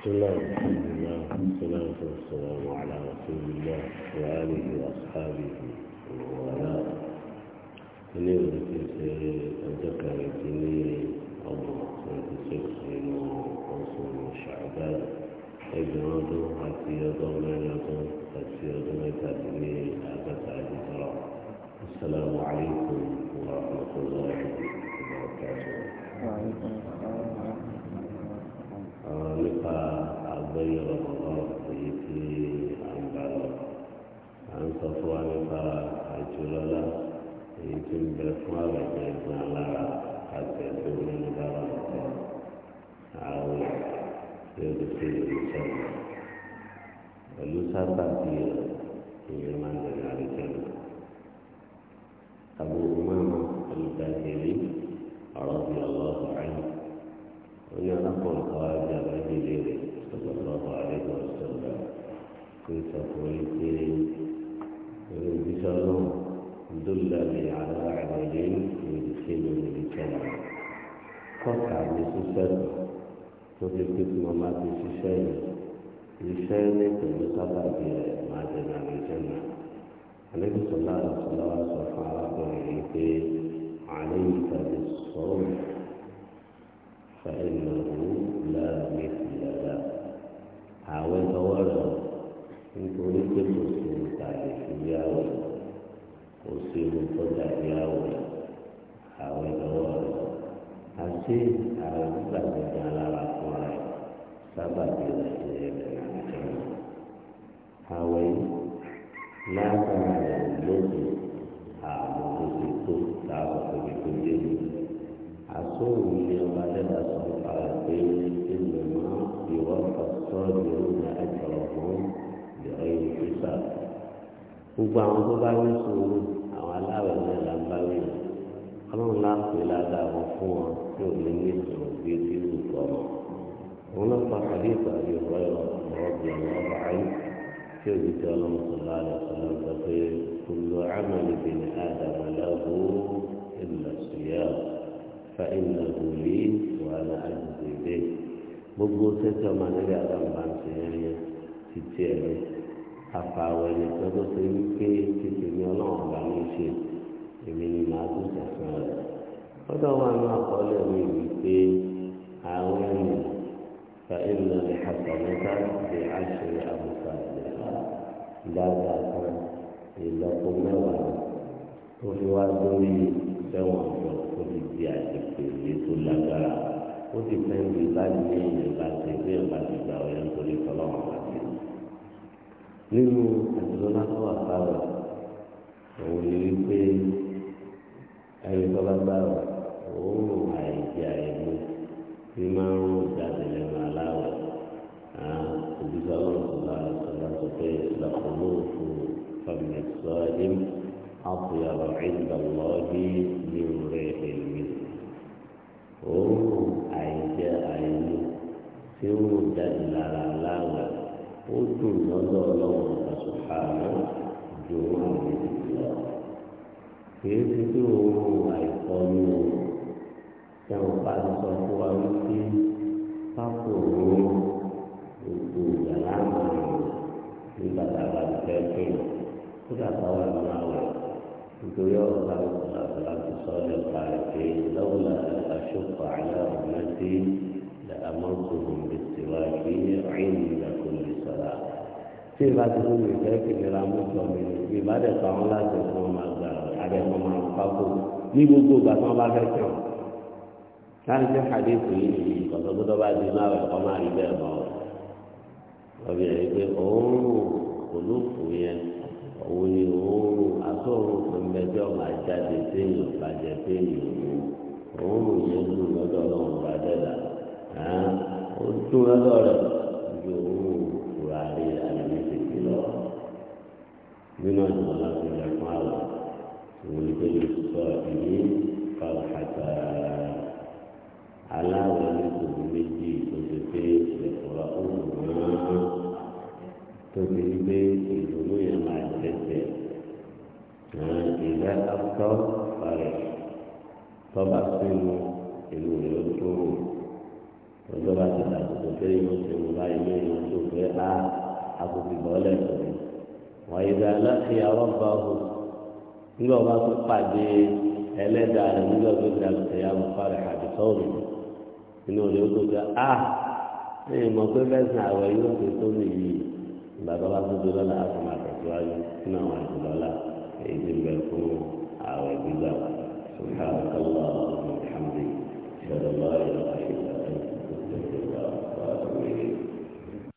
بسم الله والحمد لله والصلاة والسلام على رسول الله وآله وأصحابه وآله اليوم في الذكر الديني أمر سنة الشيخ رسول شعبان أجراد حتى يضمنه حتى يضمنه lórí ọ̀rọ̀ kọ̀ọ̀kan èyí tí a ń bá lọ. À ń sọ fún wa nípa àjùlọ́lá èyí tí ń bẹ fún àwẹ̀jẹ̀ gan-an lára. فقلت بسلام دلني على عملين يدخلني الجنة قطع بسوسن تدركت ممات بسوسن لسانك بسبب ما جنى الجنة عليه الصلاة والسلام ṣé àwọn onígbàgbọ́ gan alára fún ara ẹ̀ sábà bí ìrẹsì ẹ̀rẹ̀ náà jẹ́ wọn. àwẹ̀ látara rẹ̀ lóde àwọn oṣù tó táwọn oṣù tó dé ní. àsóòrùn ni ọba dẹ́gbà sọ nípa rẹ̀ pé ìlú mọ́ ìwọ́ ọ̀sọ́ọ̀dù ní ẹgbẹ̀rún fún ìrẹ̀yìn fífà. gbogbo àwọn tó bá wí sùúrù àwọn aláwẹ̀ náà là ń bá wí. ọlọ́run láǹpẹ̀ ládàá wọn fún wọn. يؤمن في دين الله هنا حديث أبي هريرة رضي الله عنه كيف قال صلى الله عليه وسلم فقيل كل عمل ابن آدم له إلا الصيام فإنه لي وأنا أجزي به gbogbo sẹsẹ ọmọ nílé àdàmbà ń sè yẹn yẹn títí ẹ lé àfàwọ ẹni tó tó ṣe wípé títí ní ọlọ́run ọba ní í ṣe èmi ọ̀dọ̀ wà ní àkọọ́lẹ̀ mi wípé àwọn ẹni fàìlì ní àtọ̀mẹ́ta ti àṣẹ àbùkà ìjọba dáadáa kan ìlọ́po mẹ́wàá tó fi wá lórí sẹ́wọ̀n ọ̀dọ̀ tó fi di àjẹpè èyí tó lágbára ó ti fẹ́ bí báyìí ní ìyẹn bá ti gbé ọba ti ọ̀yẹ́ nítorí tọ́lọ́wọ́n bá ti. nínú àtìlọ́lá tó wà báwọ̀ òun ni wípé ẹni tó bá báwọ̀ òórùn àìjẹ àìmú ní máa ń rún jáde lẹ́nu aláwọ̀ òbíṣẹ́ ọlọ́ọ̀tọ̀lá ọ̀tọ̀lá sọ pé lọ́kọ̀ọ́lọ́ fún fàmìlẹ́sọ ẹ̀dín àpòyàwó ìdàlọ́ bí ní rẹ̀ èmi òórùn àìjẹ àìmú tí ó rún jáde lára aláwọ̀ ó dùn lọ́dọ̀ ọlọ́run àṣùkà náà ju òórùn àìjẹ lọ kì í ti tó sẹ́wọ̀n bá lọ sọ fún wa wípé pápò ní gbogbo yàrá àwọn nígbà tá a bá ti fẹ́ pè é kó dàgbà wà ní àwẹ̀ nítorí ọ̀rọ̀ bá lọ sọ àti láti sọ nípa rẹ̀ pé lọ́wọ́lá àṣọpọ̀ àlẹ́ ọ̀nà tí lẹ́ẹ̀mọ́tòrò lè tẹ̀wá kí ọ̀hìn ìlẹ̀kùn lè sọ̀rọ̀ tí ìbá ti fún mi fẹ́ kìlera mọ́tò mi ìbá dẹ̀ pa wọn láti fún ọmọ àgbà àdẹ̀fọ́ máa ń pápò ní gbogbo ìgbà tí wọ́n bá fẹ́ tẹ̀ wọ́n láti jẹ́ àdéhùn yìí nìyí kọ̀tọ́gbọ́dọ́ bá di máa wẹ̀ kọ́ máa rí bẹ́ẹ̀ mọ́ obìnrin pé òórùn olóòfò yẹn òun ni òórùn asọ́rùn pẹ̀mẹ́jọ́ máa jáde téèyàn bàjẹ́ téèyàn òun òórùn yẹn dùn lọ́dọ̀ ọlọ́run bá dẹ́dà ó dùn lọ́dọ̀ rẹ̀ ju òórùn ìwàrí àlùmíṣèkì lọ nínú ọ̀nà tó yẹ fún àwọn òun ni pé lè sọ ìyí. tó ti rí pé ìdùnnú yẹn máa tẹ̀sẹ̀ ìgbà àtọ́ parẹ́ tọ́ba sínú ìlú rẹ̀ ó tó rò ọjọ́ bá ti dàgbò tó fẹ́ yóò ṣe wọ́n báyìí lórí wọn tó fẹ́ á àkókò ìbọ̀lẹ̀ lórí. wọ́n yìí dá láti àwọn bá wò nígbà wọn bá tún pàdé ẹlẹ́dàá rẹ̀ nígbà tó dà ẹ̀yà wọn parẹ́ àdìsọ́ rẹ̀ inú rẹ̀ ó tó fẹ́ á ẹ̀yìn mọ̀ pé fẹ́sàn àwẹ̀ yóò ṣe tó nìyí. ìgbà tó bá tóbi lọ́la á tún máa tẹ̀síwájú nínú àwọn ìdílọ́lá èyí tí ń bẹ fún ààwẹ̀ gbígbà subhanahu wa ta'ala alhamdulilayi ṣẹlẹ̀ lọ́la ìlọ́la ìlọ́la ìlọ́la